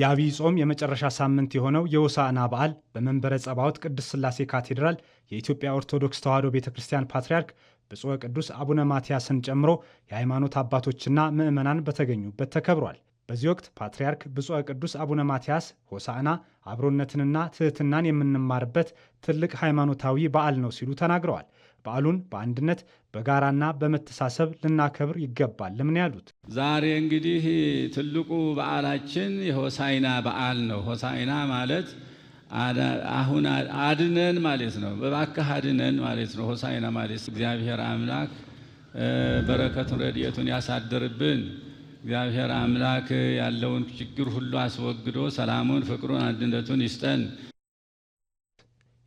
የአብይ ጾም የመጨረሻ ሳምንት የሆነው የሆሳዕና በዓል በመንበረ ጸባዖት ቅድስት ሥላሴ ካቴድራል የኢትዮጵያ ኦርቶዶክስ ተዋሕዶ ቤተ ክርስቲያን ፓትርያርክ ብፁዕ ቅዱስ አቡነ ማትያስን ጨምሮ የሃይማኖት አባቶችና ምዕመናን በተገኙበት ተከብሯል። በዚህ ወቅት ፓትርያርክ ብፁዕ ቅዱስ አቡነ ማትያስ ሆሳዕና አብሮነትንና ትህትናን የምንማርበት ትልቅ ሃይማኖታዊ በዓል ነው ሲሉ ተናግረዋል። በዓሉን በአንድነት በጋራና በመተሳሰብ ልናከብር ይገባል ለምን ያሉት ዛሬ እንግዲህ ትልቁ በዓላችን የሆሳይና በዓል ነው። ሆሳይና ማለት አሁን አድነን ማለት ነው። በባክህ አድነን ማለት ነው። ሆሳይና ማለት እግዚአብሔር አምላክ በረከቱን ረድኤቱን ያሳድርብን እግዚአብሔር አምላክ ያለውን ችግር ሁሉ አስወግዶ ሰላሙን፣ ፍቅሩን፣ አንድነቱን ይስጠን።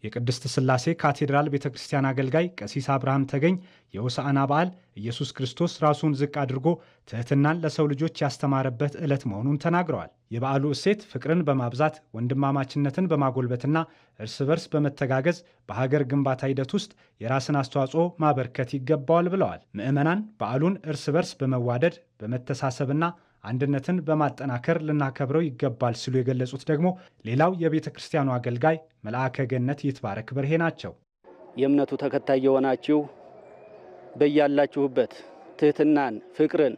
የቅድስት ሥላሴ ካቴድራል ቤተ ክርስቲያን አገልጋይ ቀሲስ አብርሃም ተገኝ የሆሳዕና በዓል ኢየሱስ ክርስቶስ ራሱን ዝቅ አድርጎ ትሕትናን ለሰው ልጆች ያስተማረበት ዕለት መሆኑን ተናግረዋል። የበዓሉ እሴት ፍቅርን በማብዛት ወንድማማችነትን በማጎልበትና እርስ በርስ በመተጋገዝ በሀገር ግንባታ ሂደት ውስጥ የራስን አስተዋጽኦ ማበርከት ይገባዋል ብለዋል። ምዕመናን በዓሉን እርስ በርስ በመዋደድ በመተሳሰብና አንድነትን በማጠናከር ልናከብረው ይገባል ሲሉ የገለጹት ደግሞ ሌላው የቤተ ክርስቲያኑ አገልጋይ መልአከ ገነት ይትባረክ በርሄ ናቸው። የእምነቱ ተከታይ የሆናችሁ በያላችሁበት ትህትናን፣ ፍቅርን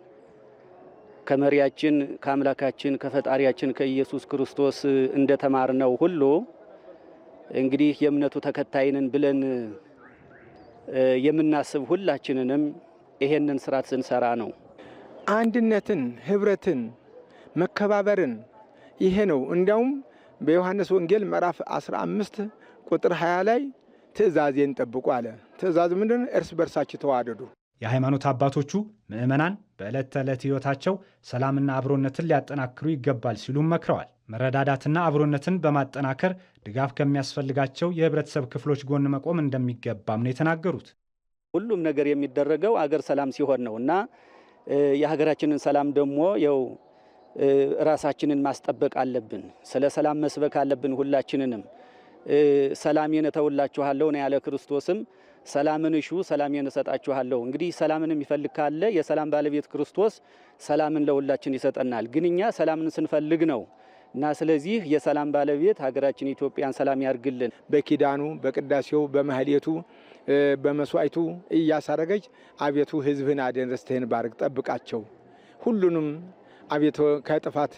ከመሪያችን ከአምላካችን ከፈጣሪያችን ከኢየሱስ ክርስቶስ እንደተማርነው ሁሉ እንግዲህ የእምነቱ ተከታይንን ብለን የምናስብ ሁላችንንም ይሄንን ስርዓት ስንሰራ ነው። አንድነትን፣ ህብረትን፣ መከባበርን ይሄ ነው። እንዲያውም በዮሐንስ ወንጌል ምዕራፍ 15 ቁጥር 20 ላይ ትእዛዜን ጠብቁ አለ። ትእዛዝ ምንድን? እርስ በርሳችሁ ተዋደዱ። የሃይማኖት አባቶቹ ምዕመናን በዕለት ተዕለት ሕይወታቸው ሰላምና አብሮነትን ሊያጠናክሩ ይገባል ሲሉም መክረዋል። መረዳዳትና አብሮነትን በማጠናከር ድጋፍ ከሚያስፈልጋቸው የህብረተሰብ ክፍሎች ጎን መቆም እንደሚገባም ነው የተናገሩት። ሁሉም ነገር የሚደረገው አገር ሰላም ሲሆን ነው እና የሀገራችንን ሰላም ደግሞ ያው ራሳችንን ማስጠበቅ አለብን። ስለ ሰላም መስበክ አለብን። ሁላችንንም ሰላሜን እተውላችኋለሁ ነው ያለ ክርስቶስም ሰላምን እሹ ሰላሜን እሰጣችኋለሁ። እንግዲህ ሰላምን የሚፈልግ ካለ የሰላም ባለቤት ክርስቶስ ሰላምን ለሁላችን ይሰጠናል። ግን እኛ ሰላምን ስንፈልግ ነው እና ስለዚህ የሰላም ባለቤት ሀገራችን ኢትዮጵያን ሰላም ያርግልን። በኪዳኑ፣ በቅዳሴው፣ በማህሌቱ በመስዋዕቱ እያሳረገች አቤቱ ህዝብን አድን፣ ርስትህን ባርክ፣ ጠብቃቸው፣ ሁሉንም አቤቱ ከጥፋት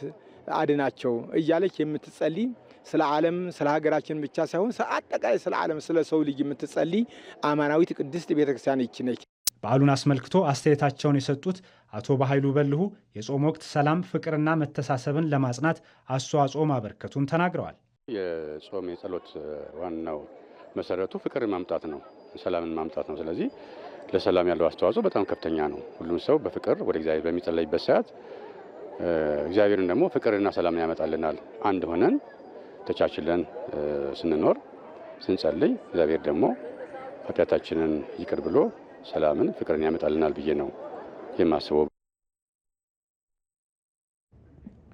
አድናቸው እያለች የምትጸልይ ስለ ዓለም ስለ ሀገራችን ብቻ ሳይሆን አጠቃላይ ስለ ዓለም ስለ ሰው ልጅ የምትጸልይ አማናዊት ቅድስት ቤተክርስቲያን ይች ነች። በዓሉን አስመልክቶ አስተያየታቸውን የሰጡት አቶ በኃይሉ በልሁ የጾም ወቅት ሰላም ፍቅርና መተሳሰብን ለማጽናት አስተዋጽኦ ማበርከቱን ተናግረዋል። የጾም የጸሎት ዋናው መሰረቱ ፍቅር ማምጣት ነው። ሰላምን ማምጣት ነው። ስለዚህ ለሰላም ያለው አስተዋጽኦ በጣም ከፍተኛ ነው። ሁሉም ሰው በፍቅር ወደ እግዚአብሔር በሚጸለይበት ሰዓት እግዚአብሔርን ደግሞ ፍቅርና ሰላምን ያመጣልናል። አንድ ሆነን ተቻችለን ስንኖር ስንጸልይ እግዚአብሔር ደግሞ ኃጢአታችንን ይቅር ብሎ ሰላምን፣ ፍቅርን ያመጣልናል ብዬ ነው የማስበው።